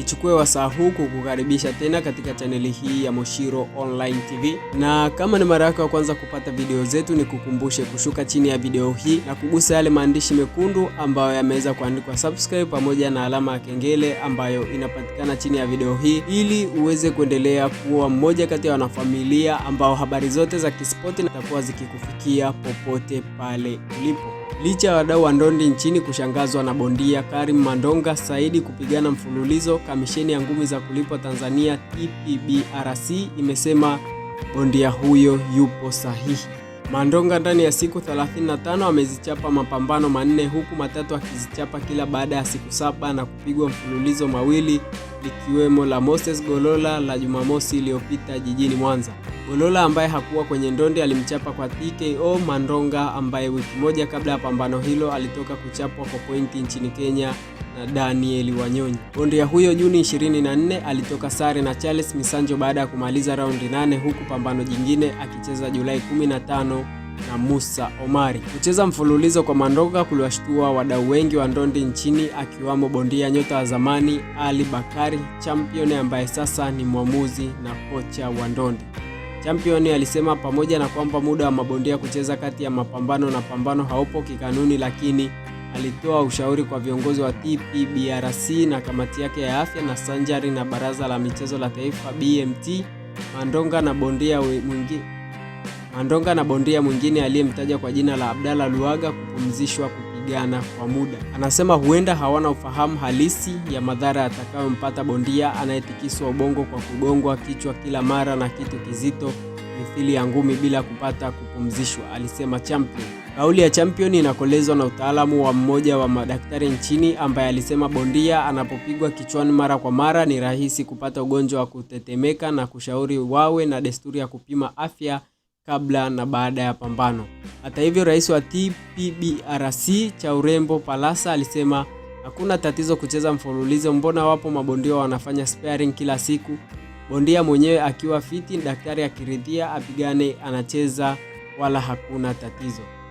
ichukue wasaa huu kukukaribisha tena katika chaneli hii ya Moshiro Online TV, na kama ni mara yako ya kwanza kupata video zetu, ni kukumbushe kushuka chini ya video hii na kugusa yale maandishi mekundu ambayo yameweza kuandikwa subscribe, pamoja na alama ya kengele ambayo inapatikana chini ya video hii, ili uweze kuendelea kuwa mmoja kati ya wanafamilia ambao habari zote za kispoti zitakuwa zikikufikia popote pale ulipo. Licha ya wadau wa ndondi nchini kushangazwa na bondia Karim Mandonga Saidi kupigana mfululizo, kamisheni ya ngumi za kulipwa Tanzania TPBRC imesema bondia huyo yupo sahihi. Mandonga ndani ya siku 35 amezichapa mapambano manne huku matatu akizichapa kila baada ya siku saba na kupigwa mfululizo mawili likiwemo la Moses Golola la Jumamosi iliyopita jijini Mwanza. Olola ambaye hakuwa kwenye ndondi alimchapa kwa TKO Mandonga ambaye wiki moja kabla ya pambano hilo alitoka kuchapwa kwa pointi nchini Kenya na Daniel Wanyonyi. Bondia huyo Juni 24 alitoka sare na Charles Misanjo baada ya kumaliza raundi nane huku pambano jingine akicheza Julai 15 na Musa Omari. Kucheza mfululizo kwa Mandonga kuliwashtua wadau wengi wa ndondi nchini akiwamo bondia nyota wa zamani Ali Bakari, champion ambaye sasa ni mwamuzi na kocha wa ndondi. Champion alisema pamoja na kwamba muda wa mabondia kucheza kati ya mapambano na pambano haupo kikanuni, lakini alitoa ushauri kwa viongozi wa TPBRC na kamati yake ya afya na sanjari na baraza la michezo la taifa BMT. Mandonga na bondia mwingine Mandonga na bondia mwingine aliyemtaja kwa jina la Abdalla Luaga kupumzishwa kupigana kwa muda. Anasema huenda hawana ufahamu halisi ya madhara yatakayompata bondia anayetikiswa ubongo kwa kugongwa kichwa kila mara na kitu kizito mithili ya ngumi bila kupata kupumzishwa, alisema Champion. Kauli ya Champion inakolezwa na utaalamu wa mmoja wa madaktari nchini ambaye alisema bondia anapopigwa kichwani mara kwa mara ni rahisi kupata ugonjwa wa kutetemeka na kushauri wawe na desturi ya kupima afya kabla na baada ya pambano. Hata hivyo, rais wa TPBRC cha urembo Palasa alisema hakuna tatizo kucheza mfululizo, mbona wapo mabondia wanafanya sparring kila siku. Bondia mwenyewe akiwa fiti, daktari akiridhia apigane, anacheza wala hakuna tatizo.